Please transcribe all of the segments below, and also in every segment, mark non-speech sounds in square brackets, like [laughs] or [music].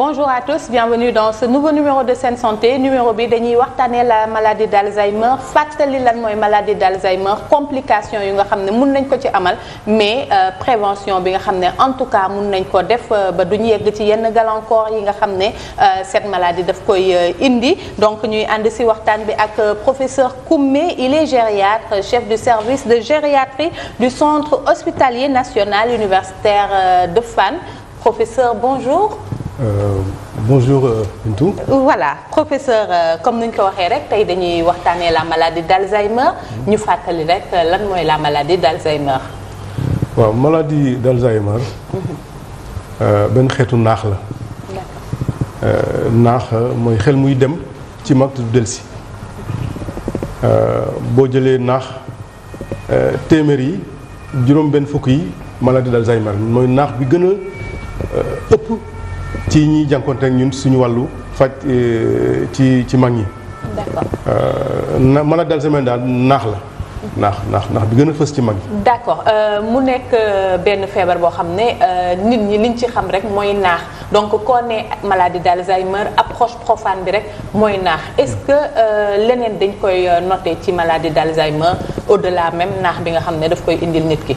bonjour à tous bienvenue dans ce nouveau numéro de Sen Santé numéro bi dañuy waxtaanee la maladie d' Alzheimer fàttali lan mooy maladie d' Alzheimer complication yu nga xam ne mun nañ ko ci amal mais euh, prévention bi nga xam ne en tout cas mun nañ ko def euh, ba du ñu yegg ci yenn gàllankoor yi nga xam ne euh, cette maladie daf koy indi donc ñuy ànd si waxtaan bi ak professeur Koumé il est gériatre chef du service de gériatrie du centre hospitalier national universitaire de Fann professeur bonjour Euh, bonjour euh, Bintou. voilà professeur euh, comme ni ñu ko waxee rek tey dañuy waxtaanee la maladie d'Alzheimer. ñu fàttali rek euh, lan mooy la maladie d'Alzheimer. waaw maladie d'Alzheimer. Mhm. benn xeetu naax la. naax mooy xel muy dem ci mag du delsi boo jëlee naax téeméer yi juróom benn fukk yi maladie d'Alzheimer mooy naax bi gën ëpp. ci ñuy jànkoonte ak ñun suñu wàllu faj euh, ci ci mag ñi. d'accord euh, na mën a dal semaine daal naax la. naax naax naax bi gën a fës ci mag yi. d'accord euh, mu nekk benn feebar boo xam ne nit ñi liñ ci xam rek mooy naax donc koo nee maladie d'Alzheimer approche profane bi rek mooy naax est-ce que leneen dañ koy noter ci maladie d'Alzheimer au-delà même naax bi nga xam ne daf koy indil nit ki.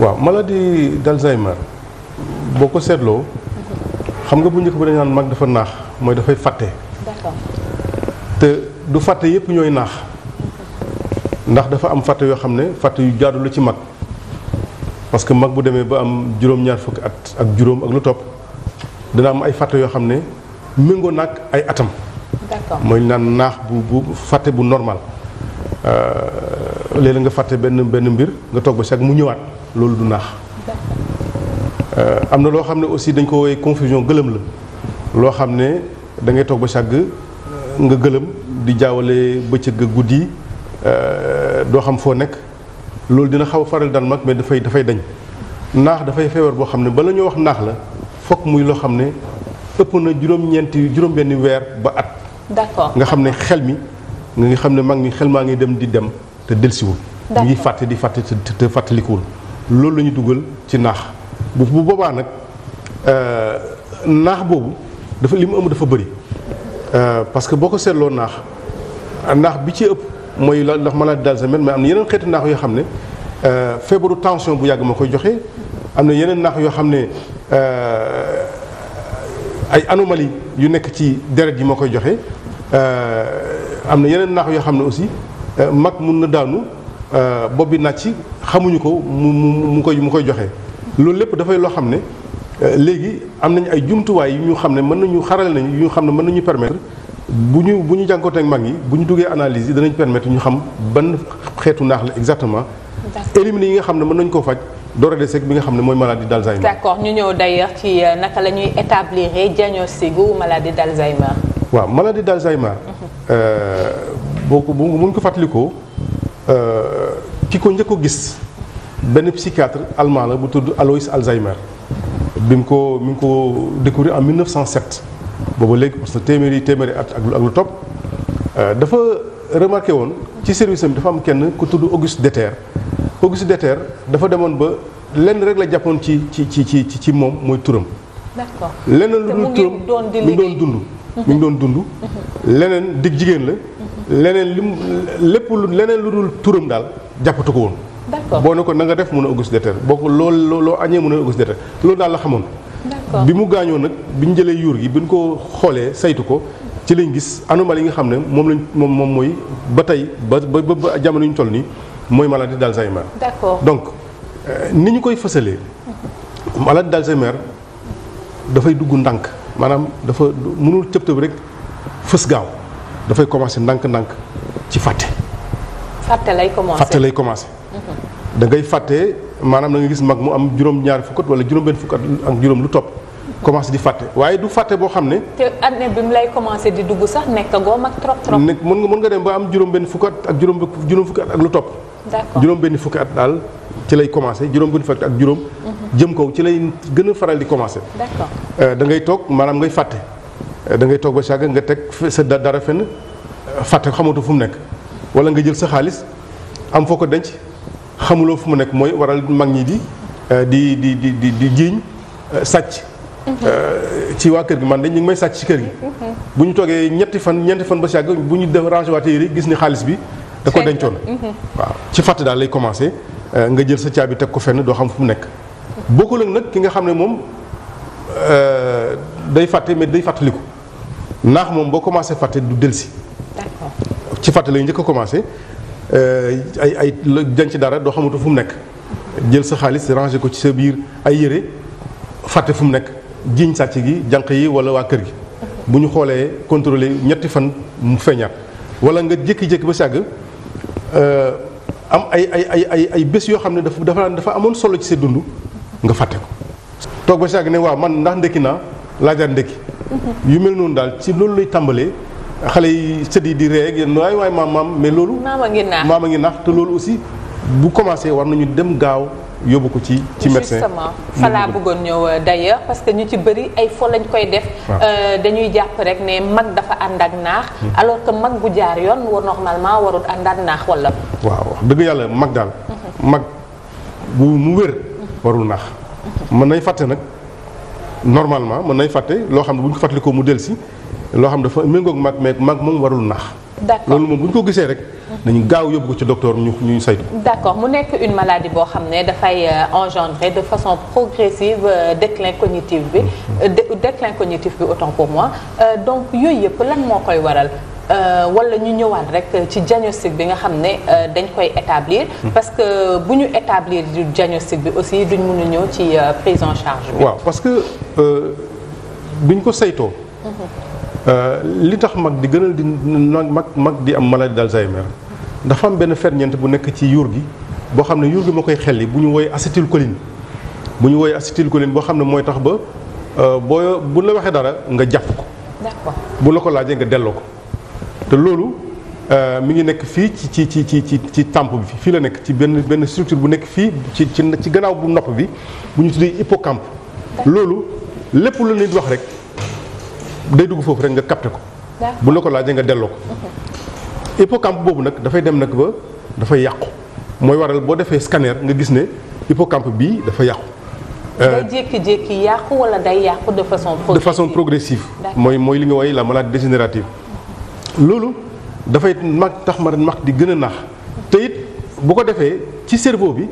waaw maladie d'Alzheimer boo ko seetloo. xam nga bu njëkk ba dañ naan mag dafa naax mooy dafay fàtte. te du fàtte yépp ñooy naax ndax dafa am fàtte yoo xam ne fàtte yu jaadu la ci mag parce que mag bu demee ba am juróom-ñaar fukki at ak juróom ak lu topp dina am ay fàtte yoo xam ne méngoo nag ay atam. mooy naan naax bu bu fàtte bu normal euh, léeg-léeg nga fàtte benn benn mbir nga togg ba si ak mu ñëwaat loolu du naax. Euh, am na loo xam ne aussi dañ ko woowee confusion gëlëm la loo xam ne da ngay toog ba sàgg nga gëlëm di jaawale bëccëg guddi euh, doo xam foo nekk loolu dina xaw a faral daan mag mais dafay dafay dañ naax dafay feebar boo xam ne bala ñoo wax naax la fokk muy loo xam ne ëpp na juróom-ñeenti juróom-benni weer ba at. nga xam ne xel mi nga xam ne mag mi xel maa ngi dem di dem te delsiwul. ngi fàtte di fàtte te fàttalikuwul loolu la ñu dugal ci naax. bu boobaa nag euh, naax boobu dafa li mu ëmb dafa bëri euh, parce que boo ko seetloo naax naax bi ci ëpp mooy la ndax maladie d'Alzheimer mais am na yeneen xeeti naax yoo xam ne euh, feebaru tension bu yàgg ma koy joxe am na yeneen naax yoo xam ne ay anomalie yu nekk ci deret yi ma koy joxe am na yeneen naax yoo xam ne aussi mag mun na daanu bopp bi nàcc xamuñu ko mu mu mu koy joxe. loolu lépp dafay loo xam ne euh, léegi am nañ ay jumtuwaay yu ñu xam ne mën nañu xarale nañu yu ñu xam ne mën nañu permettre bu ñu bu ñu jànkoonte mag yi bu ñu duggee analyse yi danañ permettre ñu xam ban xeetu naax la exactement éliminer yi nga xam ne mën nañu koo faj door a dese bi nga xam ne mooy maladie d'Alzheimer. d'accord ñu ñëw d'ailleurs ci euh, naka la ñuy établir diagnostic gu maladie d'Alzheimer. waaw maladie d'Alzheimer. Mhm. Euh, boo ko bu mu ko fàttalikoo ki ko njëkk a gis. benn psychiatre allemand la bu tudd Alois Alzheimer bi mu ko mi ngi ko découvrir en 1907 booba léegi parce que téeméeri téeméeri at ak lu topp euh, dafa remarqué woon ci service am dafa am kenn ku tudd Auguste Deter Auguste Deter dafa demoon ba lenn rek la jàppoon ci ci ci ci ci moom mooy turam. d'accord leneen lu dul turam mhm. mi ngi doon dund. mi ngi doon dund leneen dig jigéen la. Mhm. leneen lim lépp lu leneen lu dul turam daal jàppatu ko woon. boo ne ko na nga def mun a augus deter boo ko loo loo añee mun a augus deter loolu daal la xamoon bi mu gaañoo nag bi ñu jëlee yuur gi bi ñu ko xoolee saytu ko ci lañ gis ma li nga xam ne moom lañ moom moom mooy ba tey ba ba ba jamono ñu toll nii mooy maladie d'Alzheimer d'accord donc euh, ni ñu koy fësalee maladie d'Alzheimer dafay dugg ndànk maanaam dafa mënul tëb rek fës gaaw dafay commencer ndànk-ndànk ci fàtte. fàtte lay commencer fàtte lay commencer. da ngay fàtte maanaam da nga gis mag mu am juróom-ñaar fukkat wala juróom-benn fukkat ak juróom lu topp commencé di fàtte waaye du fàtte boo xam ne. te année bi mu lay commencé dugg sax nekk goo mag mën nga mën nga dem ba am juróom-benn fukkat ak juróom juróom fukki at ak lu topp. d'accord juróom-benn fukki at daal ci lay commencé juróom-benn fukki ak juróom. Mhm. jëm kaw ci lay gën a faral di commencé. d'accord euh, da ngay toog maanaam ngay fàtte euh, da ngay toog ba sàgg nga teg sa dara fenn euh, fàtte xamatu fu mu nekk wala nga jël sa xaalis am foo ko denc xamuloo fu mu nekk mooy waral mag ñi di euh, di di di di di jiiñ euh, sàcc. Mhm. Euh, ci waa kër gi man de ñu may sàcc ci kër gi. Mhm. bu ñu toogee ñetti fan ñeenti fan ba si yàgg bu ñu def rangé waate yére gis ni xaalis bi. da ko dencoon mhm. waaw ci fàtte daal lay commencé nga jël sa caabi teg ko fenn doo xam fu mu nekk. bokkul ak nag ki nga xam ne moom day fàtte mais day fàttaliku naax moom boo commencé fàtte du delsi ci fàtte lay njëkk a commencé. Euh, ay ay denc dara doo xamatu fu mu nekk jël sa xaalis ranger ko ci sa biir ay yére fàtte fu mu nekk jiiñ sàcc gi jànq yi wala waa kër gi bu ñu xoolee contrôler ñetti fan mu feeñaat wala nga jékki-jékki ba sàgg euh, am ay ay ay ay ay bés yoo xam ne dafa dafa dafa amoon solo ci sa dund nga fàtte ko toog ba sàgg ne waaw man ndax ndekki naa laajaat ndekki mm-hmm. yu mel noonu daal ci loolu lay tàmbalee xale yi sët yi di ree ak yéen waay waay maam maam mais loolu. maama ngi naax maama ngi naax te loolu aussi bu commencé war nañu dem gaaw yóbbu ko ci ci médecin. justement fa laa bëggoon ñëw euh, d'ailleurs parce que ñu ci bëri ay foo lañ koy def. Euh, dañuy jàpp rek ne mag dafa ànd ak naax. Hmm. alors que mag bu jaar yoon war normalement warul ànd ak naax walla waaw wax dëgg yàlla mag daal. Hmm. mag bu mu wér. warul naax. Hmm. mën nay fàtte nag normalement mën nay fàtte loo xam ne buñ ñu ko fàttalikoo mu dellu si. loo xam dafa méngoog mag meeg mag moom warul nax d'accord loolu moom bu ñu ko gisee rek dañu gaaw yóbbu ko ci docteur ñu ñu saytu d'accord mu nekk une maladie boo xam ne dafay euh, engendrer de façon progressive euh, déclin cognitif bi mm-hmm. euh, déclin cognitif bi autant pour moi donc yooyu yëpp lan moo koy waral wala ñu ñëwaat rek ci diagnostic bi nga xam ne dañ koy établir mm-hmm. parce que bu ñu établir du diagnostic bi aussi duñ mën a ñëw ci prise en charge bi waaw parce que bi ñu ko saytoo mm-hmm. Euh, li tax mag di gënal di mag mag di am maladie d'Alzheimer dafa am benn ferñeent bu nekk ci yuur gi boo xam ne yuur gi moo koy xelli bu ñu woy acétylcholine bu ñu woy acétylcholine boo xam ne mooy tax ba euh, boo bu la waxee dara nga jàpp ko. d'accord bu la ko laajee nga delloo ko te loolu euh, mi ngi nekk fii ci ci ci ci ci ci temp bi fii la nekk ci benn benn structure bu nekk fii ci ci ci gannaaw bu nopp bi bu ñu tuddee hippocampe. loolu lépp lu nit wax rek. day dugg foofu rek nga capté ko. bu la ko laajee nga delloo ko. hippocampe boobu nag dafay dem nag ba dafay yàqu mooy waral boo defee scanner nga gis ne hippocampe bii dafa yàqu. day euh, jékki-jékki yàqu wala day de façon. progressive de façon progressive. mooy mooy li nga woy la maladie dégénérative. loolu dafay mag tax ma mag di gën a naax te bu ko defee ci cerveau bi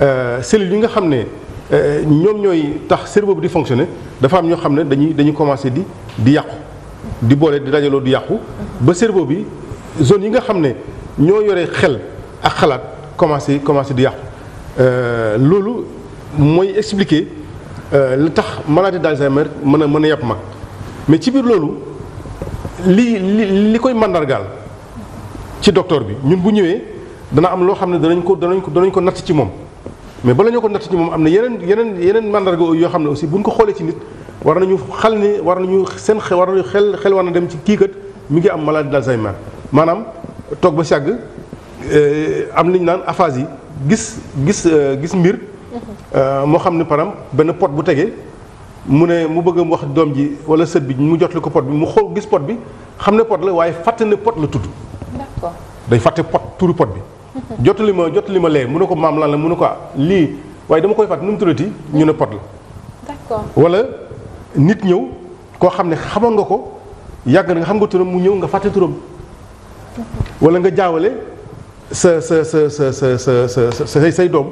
euh, cellules bi nga xam ne. Euh, ñoom ñooy tax cerveau bi di fonctionner dafa am ñoo xam ne dañuy dañuy commencé di di yàqu di boole di dajaloo di yàqu ba cerveau bi zone yi nga xam ne ñoo yore xel ak xalaat commencé commencé di yàqu euh, loolu mooy expliquer euh, li tax maladie d'Alzheimer mën a mën a yàpp mag mais ci biir loolu li li li koy màndargaal ci docteur bi ñun bu ñëwee dana am loo xam ne danañ ko danañ ko danañ ko natt ci moom mais bala ñoo ko natt ci moom am na yeneen yeneen yeneen mandarga yoo xam ne aussi buñ ko xoolee ci nit war nañu xal ni war nañu seen xel war xel xel war na dem ci kii kat mi ngi am maladie d'Alzheimer maanaam toog ba sàgg eh, am nañ naan aphasie yi gis gis euh, gis mbir. Euh, moo xam ne param benn pot bu tegee mu ne mu bëgg wax doom ji wala sët bi mu jotli ko pot bi mu xool gis pot bi xam ne pot la waaye fàtte ne pot la tudd. d'accord day fàtte pot turu pot bi. jot jotali ma li ma lee mu ne ko maam lan la mu ne ko lii waaye dama koy fàtt nu mu tuddati ñu ne pot la. d'accord nit ñëw koo xam ne xamoon nga ko yàgg na nga xam nga turam mu ñëw nga fàtte turam. wala nga jaawale sa sa sa sa sa say say doom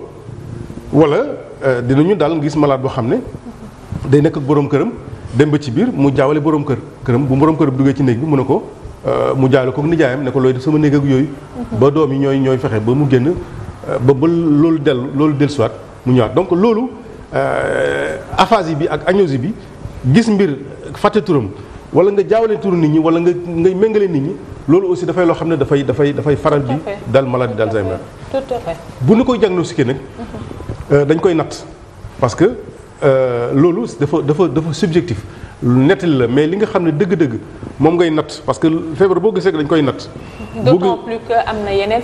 wala euh, dinañu daal nga gis malaat boo xam ne day nekk ak boroom këram dem ba ci biir mu jaawale boroom kër këram bu boroom këram duggee ci néeg bi mu ne ko. Euh, mu jaale ko nijaayam ne ko looy def sama néeg ak yooyu. ba doom yi ñooy ñooy fexe ba mu génn euh, ba ba loolu dellu loolu dellusiwaat mu ñëwaat donc loolu euh, aphasie bi ak agnosie bi gis mbir fàtte turam wala nga jaawale turu nit ñi wala nga ngay méngale nit ñi loolu aussi dafay loo xam ne dafay dafay dafay faral bi dal maladie d'Alzheimer bu ñu koy diagnostiqué nag mm-hmm. dañ koy natt parce que loolu dafa dafa dafa subjectif lu nettali la mais li nga xam ne dëgg-dëgg moom ngay natt parce que feebar boo gisee dañ koy natt. d'autant am na yeneen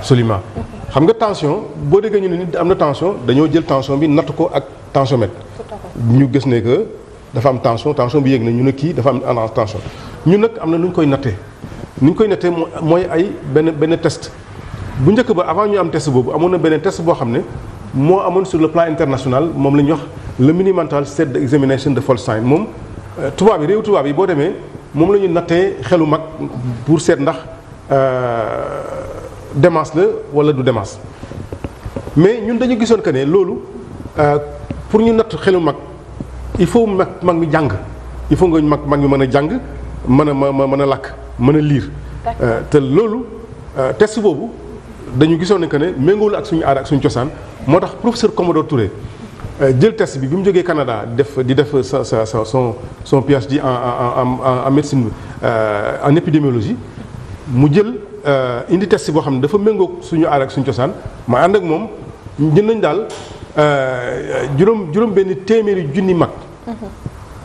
xam nga tension boo déggee ñu ne am na tension dañoo jël tension bi natt ko ak tensiomètre. ñu gis ne que dafa am tension bi yéeg na ñu ne kii dafa am tension ñu nag am na lu ñu koy nattee ni ñu koy nattee mooy ay benn benn test bu njëkk ba avant ñu am test boobu amoon na beneen test boo xam ne moo amoon sur le plan international moom la ñu wax. le Monumental Set Examination de Folstein moom euh, tubaab yi réew tubaab yi boo demee moom la ñu nattee xelu mag pour seet ndax euh, démence la wala du démence mais ñun dañu gisoon que ne loolu euh, pour ñu natt xelu mag il faut mag mag mi jàng il faut nga mag mag mi mën a jàng mën a mën a làkk mën a liir te loolu test boobu dañu gisoon ne que ne ak suñu aada ak suñu cosaan moo tax professeur Commodore Touré Euh, jël test bi bi mu jógee Canada def di def sa sa sa son son PhD en en en en médecine euh, en épidémiologie mu jël euh, indi test boo xam ne dafa méngoog suñu aar ak suñu cosaan ma ànd ak moom jën nañ daal juróom juróom benn téeméeri junni mag. Mhm.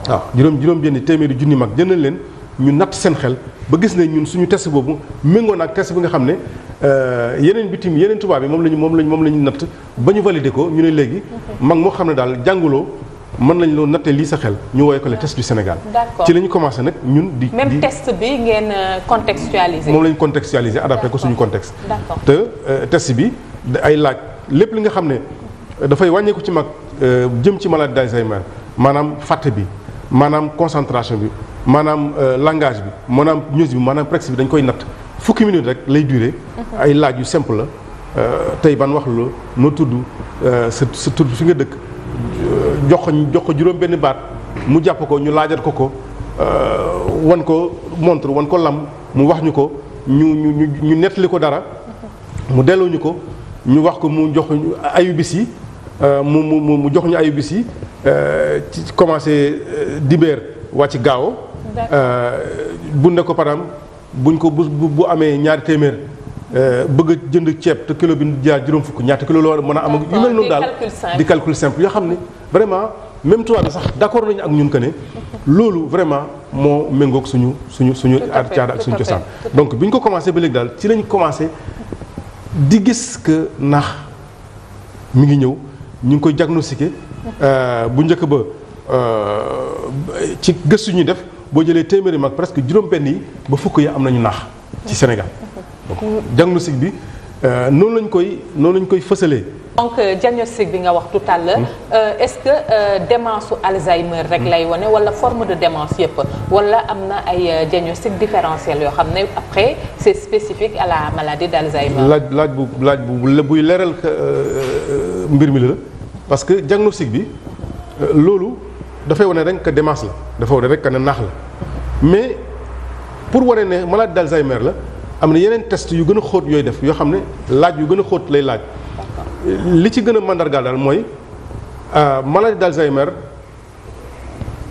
waaw juróom juróom benn téeméeri junni mag jënd nañ leen. ñu natt seen xel ba gis ne ñun suñu test boobu méngoo na ak test bi nga xam ne euh, yeneen bitim yeneen tubaab yi moom lañu moom lañ moom la ñu natt ba ñu validé ko ñu ne léegi mag moo xam ne daal jànguloo mën nañ loo nattee lii sa xel ñu woowee ko le test du Sénégal ci lañu ñu commencé nag ñun di même test bi ngeen euh, contextualisé moom la ñu contextualisé ko suñu contexte te euh, test bi ay laaj lépp li nga xam ne dafay wàññeeku ci mag jëm ci maladie d'Alzheimer maanaam fàtte bi maanaam concentration bi maanaam euh, langage bi maanaam news bi maanaam prex bi dañ koy natt fukki minute rek lay durer. Mhm. ay laaj yu simple la euh, tey ban wax la noo tudd euh, sa sa tudd fi nga dëkk jox ko jox ko juróom benn baat mu jàpp ko ñu laajal ko ko wan ko montre wan ko lam mu wax ñu ko ñu ñu ñu nettali ko dara mhm. mu delloo ñu ko ñu wax ko mu jox ayu ayubis yi mu mu mu jox ñu ayubis yi ci commencé euh, dibeer wàcc gaaw. Euh, bu ne ko param buñ ko bu bu amee ñaari téeméer euh, bëgg a jënd ceeb te kilo bi jaar juróom fukk ñaata kilo loolu mën a am. yu mel noonu daal di calcul simple yoo xam ne vraiment même tubaab bi sax d' accord nañu ak ñun que ne [laughs] loolu vraiment moo méngoog suñu suñu suñu aar caada ak suñu cosaan. donc bi ñu ko commencé ba léegi daal ci lañ commencé di gis que ndax mi ngi ñëw ñu ngi koy diagnostiqué. Euh, bu njëkk ba euh, ci gëstu ñu def boo jëlee téeméeri mag presque juróom-benn yi ba fukk yi am nañu naax ci Sénégal donc diagnostic bi euh, noonu lañ koy noonu lañ koy fësalee. donc diagnostic bi nga wax tout hmm. est-ce que démence su Alzheimer rek lay wane wala forme de démence yëpp wala am na ay diagnostic différentiel yoo xam ne après c'est spécifique à la maladie d'Alzheimer. laaj laaj bu laaj bu buy leeral mbir mi la. parce que diagnostic bi euh, loolu dafay wane rek que démence la dafa wane rek que ne naax la mais pour wane ne malade d'Alzheimer la am na yeneen test yu gën a xóot yooyu def yoo xam ne laaj yu gën a xóot lay laaj li ci gën a mandargaal daal mooy euh, maladie d'Alzheimer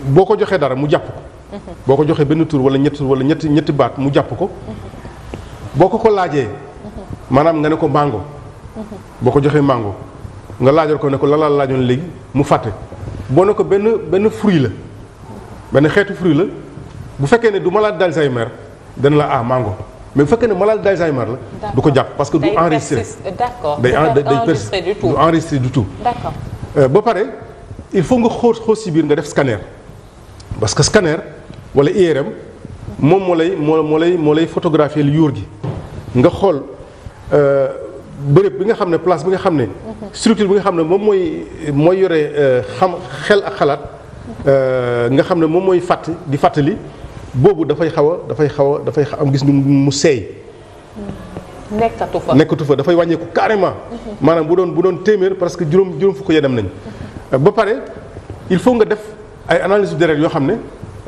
boo ko joxee dara mu jàpp ko boo ko joxee benn tur wala ñetti tur wala ñetti ñetti baat mu jàpp ko boo ko ko laajee maanaam nga ne ko mango boo ko joxee mango nga laajal ko ne ko lan laa laajoon léegi mu fàtte boo ne ko benn benn fruit la benn xeetu fruit la bu fekkee ne du malade d'Alzheimer dana la ah mango mais bu fekkee ne malade d'Alzheimer la. du ko jàpp parce que du enregistré. d'accord day enregistré euh, du tout du enregistré tout. Euh, ba pare il faut nga xóot xóot si biir nga def scanner parce que scanner wala IRM moom moo lay moo moo lay moo lay photographier lu yuur gi nga xool. Euh, bërëb bi nga xam ne place bi nga xam ne. structure bi nga xam ne moom mooy mooy yore euh, xam xel ak xalaat. Euh, nga xam ne moom mooy fàtt di fàttali boobu dafay xaw a dafay xaw a dafay am gis mu seey. nekkatu fa nekkatu dafay wàññeeku carrément. maanaam bu doon bu doon téeméer parce que juróom juróom fukk ya dem nañ. ba pare il faut nga def ay analyse deret yoo xam ne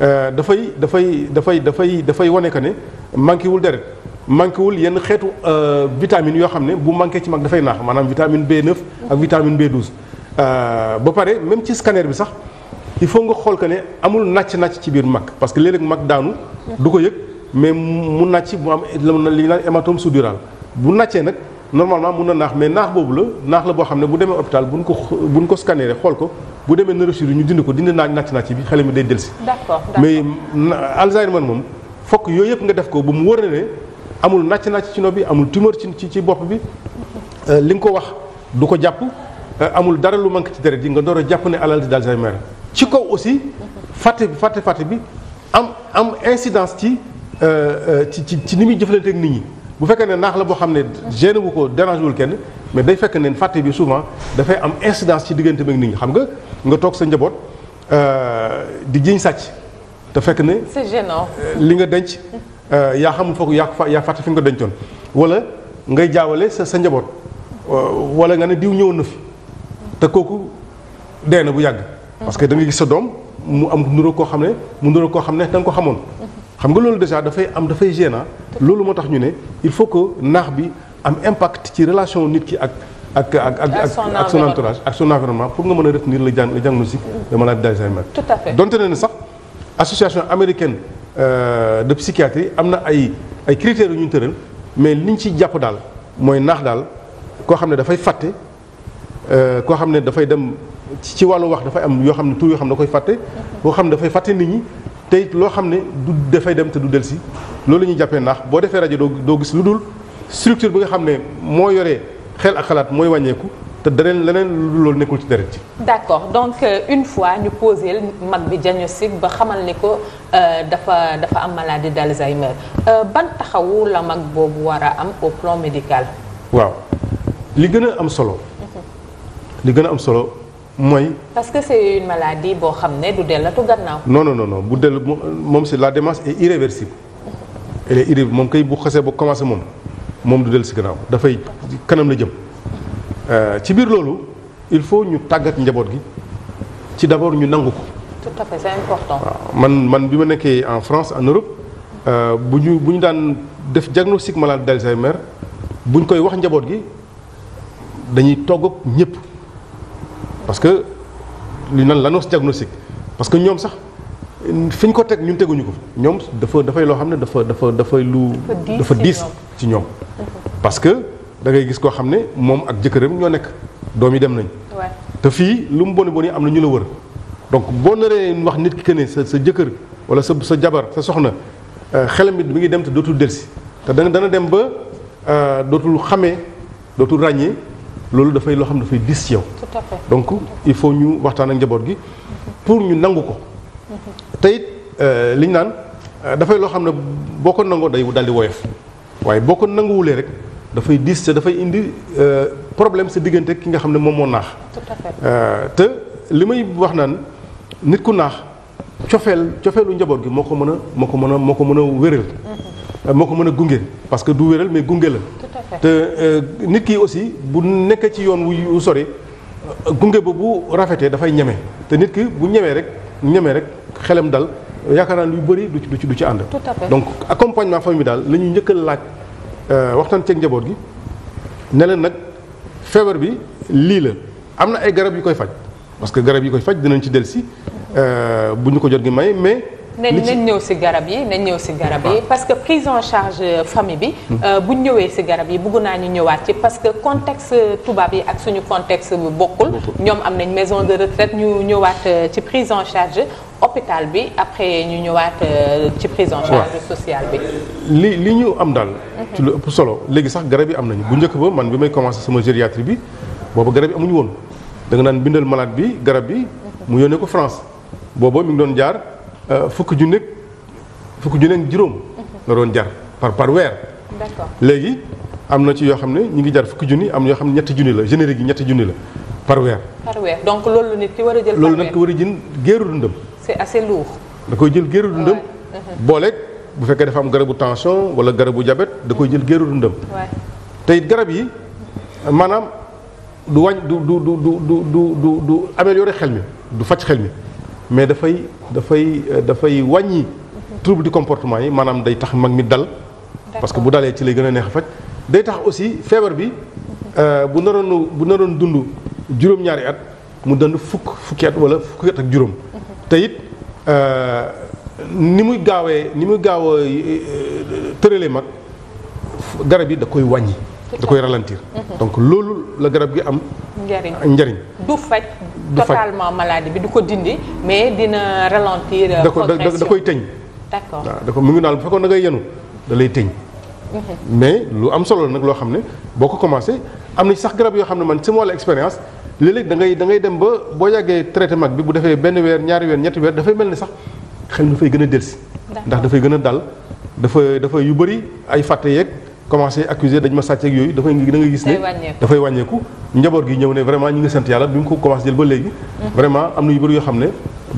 euh, dafay dafay dafay dafay dafay wane que ne manqué wul deret. manqué wul yenn xeetu euh, vitamines yoo xam ne bu manqué ci mag dafay naax maanaam vitamine B9 ak vitamine B12 euh, ba pare même ci scanner bi sax il faut nga xool que ne amul nàcc nacc ci biir mag parce que léeg-léeg mag daanu du ko yëg mais mu nàcc mu am li ñu naan hématome sous bu naccee nag normalement mun na naax mais naax boobu la naax la boo xam ne bu demee hôpital buñ ko buñ ko scanner xool ko bu demee neurochirurgie ñu dindi ko dindi naaj nàcc-nàcc bi xale mi day delsi d'accord mais Alzheimer moom fokk yooyu yëpp nga def ko ba mu wóor ne amul nàcc-nàcc ci no bi amul tumeur ci ci bopp bi euh, li nga ko wax du ko jàpp euh, amul dara lu manque ci deret yi nga door a jàpp ne alal di d'Alzheimer ci kaw aussi fàtte fàtte fàtte bi am am incidence ci euh, ci ci ci ni muy jëflante ak nit ñi bu fekkee ne naax la boo xam ne gêné wu ko dérange wul kenn mais day fekk neen fàtte bi souvent dafay am incidence ci diggante ak nit ñi xam nga nga toog sa njaboot di jiñ sàcc te fekk ne c'est li nga denc Euh, yaa xamul foog yaa fa yaa fàtte fi nga ko dencoon wala ngay jaawale sa sa njaboot euh, wala nga ne diw ñëwoon na fi te kooku dee na bu yàgg. parce que da nga gis sa doom mu am nuroo koo xam ne mu nuroo koo xam ne da nga ko xamoon. xam nga loolu déjà dafay am dafay gênant loolu moo tax ñu ne il faut que naax bi am impact ci relation nit ki ak. ak ak ak son entourage ak son environnement pour nga mën a def ni la jàng la diagnostic de maladie d'Alzheimer. tout à fait donte ne sax association américaine. Euh, de psychiatrie am na ay ay critères yu ñu tëral mais liñ ci jàpp daal mooy naax daal koo xam ne dafay fàtte euh, koo xam ne dafay dem ci wàllu wax dafay am yoo xam ne tur yoo xam ne da koy fàtte koo xam ne dafay fàtte nit ñi te it loo xam ne du dafay dem te du delsi loolu la ñuy jàppee naax boo defee rajo doo doo gis lu dul structure bi nga xam ne moo yoree xel ak xalaat mooy wàññeeku te daneen leneen loolu nekkul ci deret ji d'accord donc euh, une fois ñu posé mag bi diagnostic ba xamal ni ko euh, dafa dafa am maladie d'Alzheimer euh, ban taxawu la mag boobu war a am au plan médical waaw li gën a am solo li gën a am solo mooy parce que c'est une maladie boo xam ne du dellatu gannaaw non non non bu dellu moom si la démence est irréversible elle moom kay bu xasee ba commencé moom moom du dellu si gannaaw dafay kanam la jëm Euh, ci biir loolu il faut ñu tàggat njaboot gi ci d'abord ñu nangu ko. tout man man bi ma nekkee en France en Europe euh, bu ñu bu ñu daan def diagnostic malade d'Alzheimer bu ñu koy wax njaboot gi dañuy togg ak ñëpp parce que lu nan l'annonce diagnostique parce que ñoom sax fi ñu ko teg ñun teguñu ko ñoom dafa dafay loo xam ne dafa dafa dafay lu. dafa diis ci ñoom parce da ngay gis koo xam ne moom ak jëkkëram ñoo nekk doom yi dem nañ. te fii lu mu boni boni am na ñu la wër donc boo naree wax nit ki que ne sa sa jëkkër wala sa sa jabar sa soxna euh, xelam it mi ngi dem te dootul delsi te dana dana dem ba euh, dootul xamee dootul ràññee loolu dafay loo xam dafay dis ci yow. tout donc il faut ñu waxtaan ak njaboot gi pour ñu nangu ko. te it euh, li ñu naan dafay loo xam ne boo ko nangoo day daal di woyof waaye boo ko nanguwulee rek. dafay diis te dafay indi euh, problème sa diggante ki nga xam ne moom moo naax. tout à euh, te li may wax naan nit ku naax cofeel cofeelu njaboot gi moo ko mën a moo ko mën a moo ko mën a wéral. Mm-hmm. moo ko mën a gunge parce que du wéral mais gunge la. te euh, nit ki aussi bu nekkee ci yoon wu sori gunge ba bu rafetee dafay ñeme te nit ki bu ñemee rek ñeme rek xelem dal yaakaar naa lu bëri du ci du ci ànd. donc accompagnement mi daal la ñuy njëkk laaj. Euh, waxtaan ceeg njaboot gi ne leen nag feebar bi lii la am na ay garab yu koy faj parce que garab yi koy faj dinañ ci dellusi euh, bu ñu ko jot gi may mais. li nañ ñëw si garab yi nañ ñëw si garab yi parce que prise en charge euh, famille bi. Hmm. bu ñëwee si garab yi bëgg naa ñu ñëwaat ci parce que contexte tubaab yi ak suñu contexte bu bokkul. ñoom am nañ maison de retraite ñu ñëwaat ci prise en charge hôpital bi après ñu ñëwaat ci prise en charge sociale bi. li li ñu am daal. ci lu ëpp solo léegi sax garab yi am nañu bu njëkk ba man bi may commencé sama gériatrie bi booba garab yi ñu woon da nga naan bindal malade bi garab bi mu yónnee ko France booba mi ngi doon jaar euh, fukk ju nekk fukk ju nekk juróom la jar par par weer léegi am na ci yoo xam ne ñu ngi jar fukki junni am yoo xam ne ñetti junni la générique gi ñetti junni la par weer loolu nit war a jël loolu nag ko war a jël géeru dundam c'est assez lourd da koy jël géeru dundam booleeg bu fekkee dafa am garabu tension wala garabu jabet da koy jël géeru dundam. te it garab yi maanaam du wàññ du du du du du du du améliorer xel mi du faj xel mi mais dafay dafay dafay wàññi trouble di comportement yi maanaam day tax mag mi dal. parce que bu dalee ci lay gën a neex a faj. day tax aussi feebar bi euh, bu naroon bu naroon dund juróom-ñaari at mu dënd fukk fukki at wala fukki at ak juróom mhm. te euh, ni muy gaawee ni muy gaaw a e, e, tëralee mag garab yi da koy wàññi. da koy ralentir. Mhm. donc loolu la garab gi am. njariñ njariñ. du faj. du faj totalement maladie bi du ko dindi mais dina ralentir. Euh, progression da koy tëñ. d'accord waaw da ko mu ngi naan bu fekkoon da ngay yenu da lay tëñ. Mhm. mais lu am solo nag loo xam ne boo ko commencé am na sax garab yoo xam ne man sama wàllu expérience léeg-léeg dangay da ngay dem ba boo yàggee traité mag bi bu defee benn weer ñaari weer ñetti weer dafay mel ni sax. xel mi dafay gën a delsi ndax dafay gën a dal dafa dafay yu bëri ay fàtte yeeg commencé accusé dañ ma sàcc yooyu dafay da nga gis ne dafay wàññeeku njaboot gi ñëw ne vraiment ñi nga sant yàlla bi mu ko commencé jël ba léegi mm-hmm. vraiment am na yu bëri yoo xam ne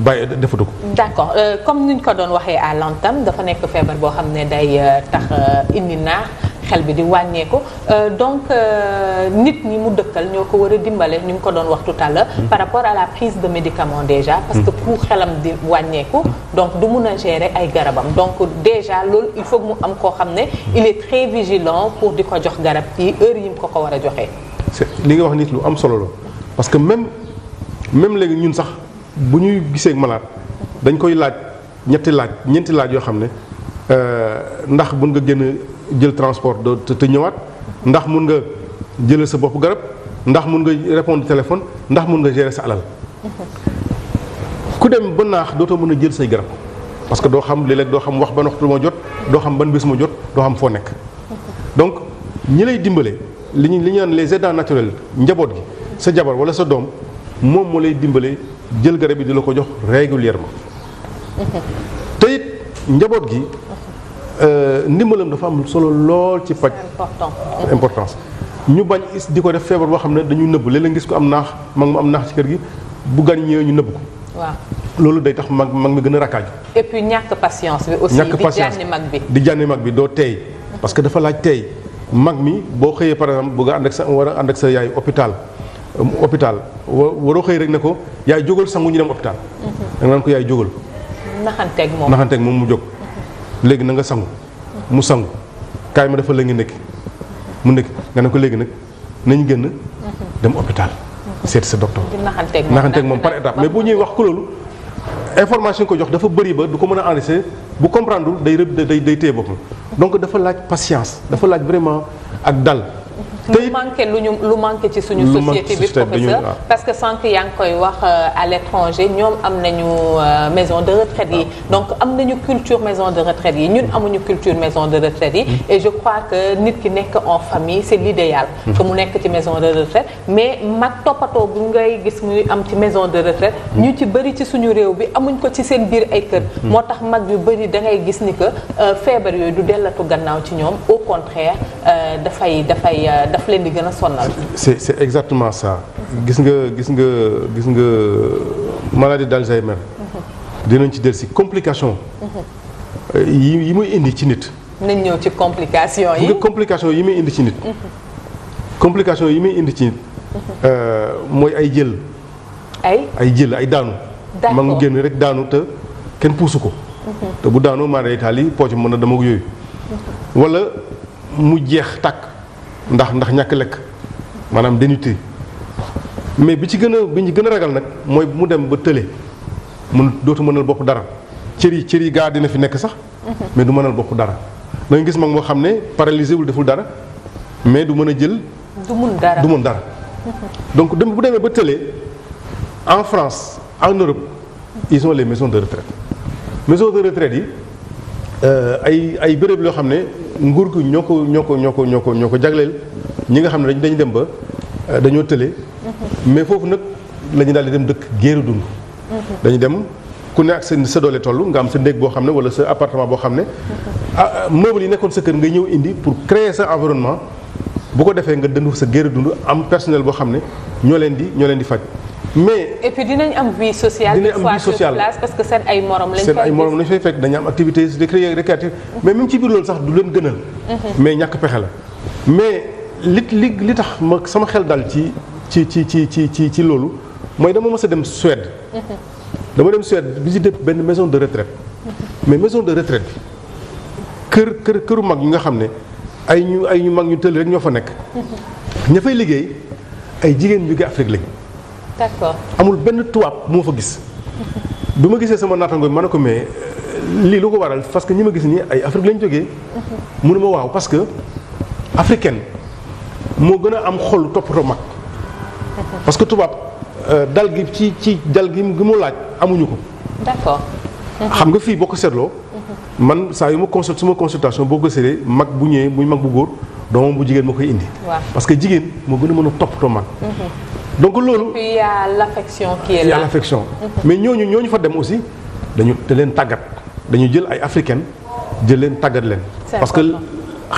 bàyyi defatu ko d'accord euh, comme ñu ko doon waxee à l'entame dafa nekk feebar boo xam ne day euh, tax euh, indi naax xel bi di wàññeeku euh, donc euh, nit ñi mu dëkkal ñoo ko war a dimbale ñu mu ko doon waxtu tout par rapport à la prise de médicament déjà parce que ku xelam di wàññeeku donc du mun a gérer ay garabam donc déjà loolu il faut mu am koo xam ne il est très vigilant pour di ko jox garab yi heure yi mu ko ko war a joxee li nga wax nit lu am solo la parce que même même léegi ñun sax bu ñuy gisee malade dañ koy laaj ñetti laaj ñeenti laaj yoo xam ne Euh, ndax mun nga génn jël transport de ñëwaat ndax mun nga jëlal sa bopp garab ndax mun nga répondre téléphone ndax mun nga gérer sa alal ku dem ba naax dootoo mën a jël say garab parce que doo xam léeg-léeg doo xam wax ban waxtu moo jot doo xam ban bi suma jot doo xam foo nekk donc ñi lay dimbale li ñu li ñu naan les aidants naturels njaboot gi sa jabar wala sa doom moom moo lay dimbale jël garab yi di la ko jox régulièrement te it njaboot gi Euh, ndimbalam dafa am solo lool ci paj importance ñu bañ is di ko def feebar boo xam ne dañu nëbb léeg-léeg gis ko am naax mag mu am naax ci kër gi bu gan ñëwee ñu nëbb ko loolu day tax mag mag mi gën a rakkaaju et puis ñàkk patience bi aussi di jànni mag bi doo teey parce que dafa laaj teey mag mi boo xëyee par exemple bëgg a ànd ak sa war a ànd sa yaay hôpital um, hôpital waroo xëy rek ne ko yaay jógal sangu ñu dem hôpital mhm. da nga naan ko yaay jógal naxanteeg moom naxanteeg moom mu jóg léegi na nga sangu mu sangu kaay ma dafa la ngi nekk mu nekk nga ne ko léegi nag nañ génn dem hôpital seeti sa docteur naxanteeg moom par étape mais boo ñuy wax ko loolu information ko jox dafa bëri ba du ko mën a enregistrer bu comprendre day rëb day day téye boppam donc dafa laaj patience dafa laaj vraiment ak dal lu manqué lu ñu lu manqué ci suñu société bi professeur parce que sànq yaa ngi koy wax euh, à l'étranger ñoom am nañu euh, maison de retraite yi donc am nañu culture maison de retraite yi ñun mm-hmm. amuñu culture maison de retraite yi mm-hmm. et je crois que nit ki nekk en famille c'est l'idéal mm-hmm. que mu nekk ci maison de retraite mais mag toppatoo bu ngay gis muy am ci maison de retraite ñu ci bëri ci suñu réew bi amuñ ko ci seen biir ay kër moo tax mag yu bëri da ngay gis ni que euh, feebar yooyu du dellatu gannaaw ci ñoom au contraire dafay dafay daf leen di gën a sonnal. c'est c'est exactement ça. gis nga gis nga gis nga maladie d'Alzheimer. dinañ ci dellu si complication. yi yi muy indi ci nit. nañ ci complication yi. complication yi muy indi ci nit. complication yi muy indi ci nit. Euh, mooy ay jël. ay ay jël ay daanu. ma ngi génn rek daanu te kenn puusu ko. Mhm. te bu daanoo maa day taal poche mën na dama ak yooyu. Mhm. wala mu jeex tàkk. ndax ndax ñàkk lekk maanaam dénutri mais bi ci gën a bi ñu gën a ragal nag mooy bu mu dem ba tële mun dootu mënal bopp dara cër yi cër yi gaa dina fi nekk sax mais du mënal bopp dara da nga gis mag moo xam ne paralysé wul deful dara mais du mën a jël du mun dara du mun dara donc dem bu demee ba tële en France en Europe ils ont les maisons de retraite maisons de retraite yi Euh, ay ay béréb loo xam ne nguur gi ñoo ko ñoo ko ñoo ko ñoo ko ñoo ko jagleel ñi nga xam ne dañu dem ba euh, dañoo tële. Mhm. mais foofu nag la ñu daal dem dëkk géeru dund. Mhm. dañu dem ku ne ak seen sa doole toll nga am sa néeg boo xam ne wala sa appartement boo xam ne. Mhm. ah meuble yi nekkoon sa kër ngay ñëw indi pour créer sa environnement bu ko defee nga dënd sa géeru dund am personnel boo xam ne ñoo leen di ñoo leen di faj. mais et puis dinañ am vie sociale. dinañ am vie sociale parce que seen ay morom lañ. seen ay morom lañ fay fekk dañu am activité récréative mhm. mais même ci biir loolu sax du leen gënal. Mhm. mais ñàkk pexe la mais li li li tax ma sama xel dal ci ci ci ci ci ci ci loolu mooy dama mës a dem Suède. Mhm. dama dem Suède visité benn maison de retraite mais maison de retraite bi kër kër këru mag yi nga xam ne ay ñu ay ñu mag ñu tëll rek ñoo fa nekk. ña fay liggéey ay jigéen yu jóge Afrique lañ. d'accord amul benn tubaab moo fa gis. bi ma gisee sama naataango bi ma ne ko mais euh, lii lu ko waral parce que ñi ma gis nii ay Afrique lañ jógee. mu ne ma waaw parce que africaine moo gën a am xol toppatoo mag. parce que tubaab euh, dal gi ci ci dal gi mu laaj amuñu ko. d'accord. xam nga fii boo ko seetloo. man saa yu ma consult suma consultation boo ko seetee mag bu ñëwee muy mag bu góor doomam bu jigéen ma koy indi. parce que jigéen moo gën a mën a toppatoo mag. donc loolu. puis il y a l'affection mhm. mais ñooñu ñooñu fa dem aussi dañu te leen tàggat dañu jël ay africaines jël leen tàggat leen. parce que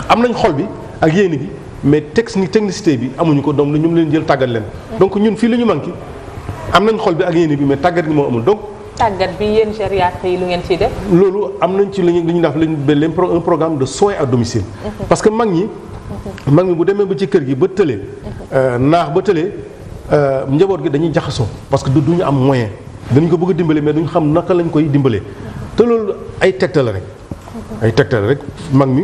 am nañ xol bi ak yéene bi mais technique technicité bi amuñu ko donc ñu leen jël tàggat leen. Mhm. donc ñun fii la ñu manqué am nañ xol bi ak yéene bi mais tàggat gi moo amul donc. tàggat bi yéen gériatres yi lu ngeen ci def. loolu am nañ ci li ñuy def lañ un programme de soins à domicile. Mhm. parce que mag ñi. mag ñi bu demee ba ci kër gi ba tële. Euh, naax ba tële. Euh, njaboot gi dañuy jaxasoo parce que du duñu am moyen dañu ko bëgg a dimbale mais duñu xam naka lañu koy dimbale te loolu ay tegtal rek. ay tegtal rek mag mi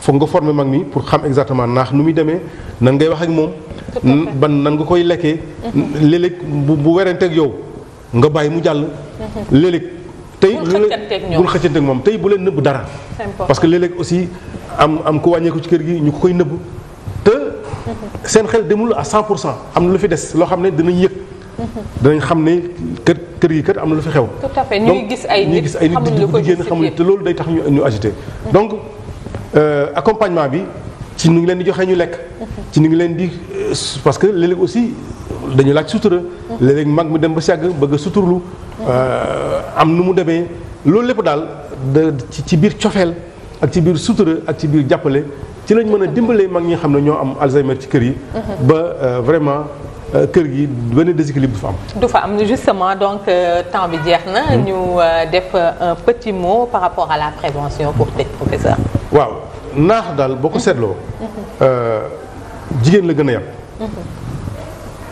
foog nga former mag mi pour xam exactement naax nu muy demee nan ngay wax ak moom. ban nan nga koy lekkee. Mhm. léeg-léeg bu bu werenteeg yow nga bàyyi mu jàll. Mhm. léeg-léeg tey bul xëccanteeg moom tey bu leen nëbb dara. parce que léeg aussi am am ku wàññeeku ci kër gi ñu ko koy nëbb. seen xel demul à 100 pour cent am na lu fi des loo xam ne dinañ yëg. danañ xam ne kër kër gi kër am na lu fi xew. tout à fait ñu ngi gis ay nit xamuñu ko génn te loolu day tax ñu ñu agité. Mm-hmm. donc euh, accompagnement bi ci ñu ngi leen di joxe ñu lekk. Mm-hmm. ci ñu ngi leen di euh, parce que léeg aussi dañu laaj sutura. Mm-hmm. léeg mag mi dem ba sàgg bëgg a suturlu. Euh, am nu mu demee loolu lépp daal da ci biir cofeel ak ci biir sutura ak ci biir jàppale ci lañ mën a dimbalee mag ñi xam ne ñoo am Alzheimer ci kër yi. Mhm. ba euh, vraiment euh, kër gi benn déséquilibre du fa am. du fa am justement donc euh, temps bi jeex na. Mhm. ñu def un petit mot par rapport à la prévention pour tëj professeur. waaw naax daal boo ko mhm. seetloo. jigéen la gën a yab.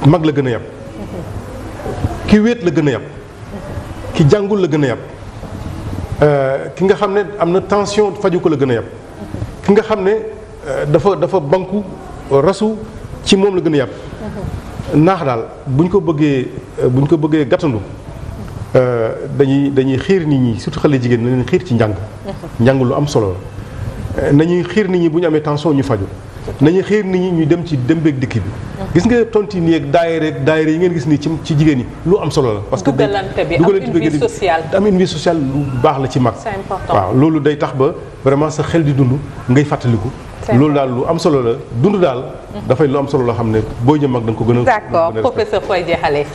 mag la gën a yab. ki wéet la gën a yab. ki jàngul la gën a yab. ki nga xam ne am na tension faju ko la gën a yab. ki nga xam ne dafa dafa banku rasu ci moom la gën a yàpp naax daal bu ñu ko bëggee bu ñu ko bëggee gàttandu euh, dañuy dañuy xiir nit ñi surtout xale jigéen na leen xiir ci njàng njàng lu am solo la nañuy xiir nit ñi bu ñu amee tension ñu faju nañuy xiir nit ñi ñu dem ci dembeeg dikk bi gis nga tonti nii ak daayira ak daayira yi ngeen gis nii ci ci jigéen ñi lu am solo la parce que dugalante bi am une vie sociale am une vie sociale lu baax la ci mag c'est waaw loolu day tax ba vraiment sa xel di dund ngay fàttaliku loolu daal lu am solo la dund daal. dafay lu am solo loo xam ne boo jëm mag dañ ko gën a. d'accord professeur fooy jeexalee.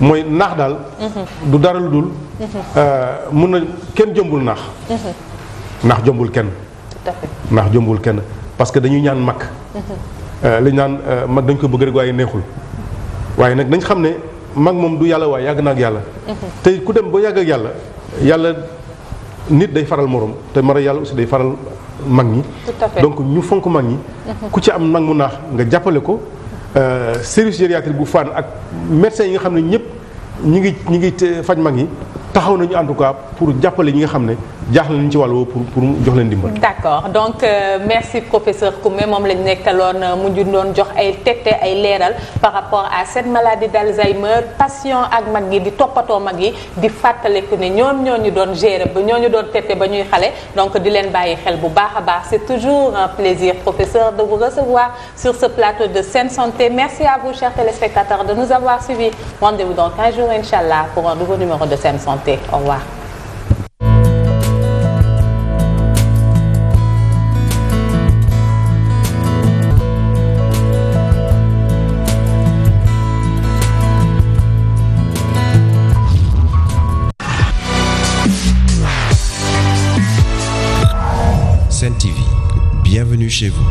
mooy naax daal. Mhm. du dara lu dul. Mhm. Euh, mun na kenn jombul naax. Mhm. naax jombul kenn. tout à kenn parce que dañuy ñaan mag. Euh, li naan euh, mag dañ ko bëgg rek waaye neexul waaye nag dañ xam ne mag moom du yàlla waaye yàgg na ak yàlla. tey ku dem ba yàgg ak yàlla yàlla nit day faral moroom te mara yàlla aussi day faral mag ñi donc ñu fonk mag ñi mhm. ku ci am nag mu naax nga jàppale ko euh, service gériatrique bu Fann ak médecins yi nga xam ne ñëpp ñi ngi ñi ngi faj mag ñi taxaw nañu en tout cas pour jàppale ñi nga xam ne jaaxle nañu ci wàll woowu pour pour jox leen dimbal. d'accord donc euh, merci professeur Koumé moom lañ nekkaloon euh, mu ngi doon jox ay tette ay leeral par rapport à cette maladie d'Alzheimer patient ak mag yi di toppatoo mag yi di fàttale fàttaliku ne ñoom ñoo ñu doon gérer ba ñoo ñu doon tette ba ñuy xale donc di leen bàyyi xel bu baax a baax c'est toujours un plaisir professeur de vous recevoir sur ce plateau de Sen Santé merci à vous chers téléspectateurs de nous Santé. santé. Au TV, bienvenue chez vous.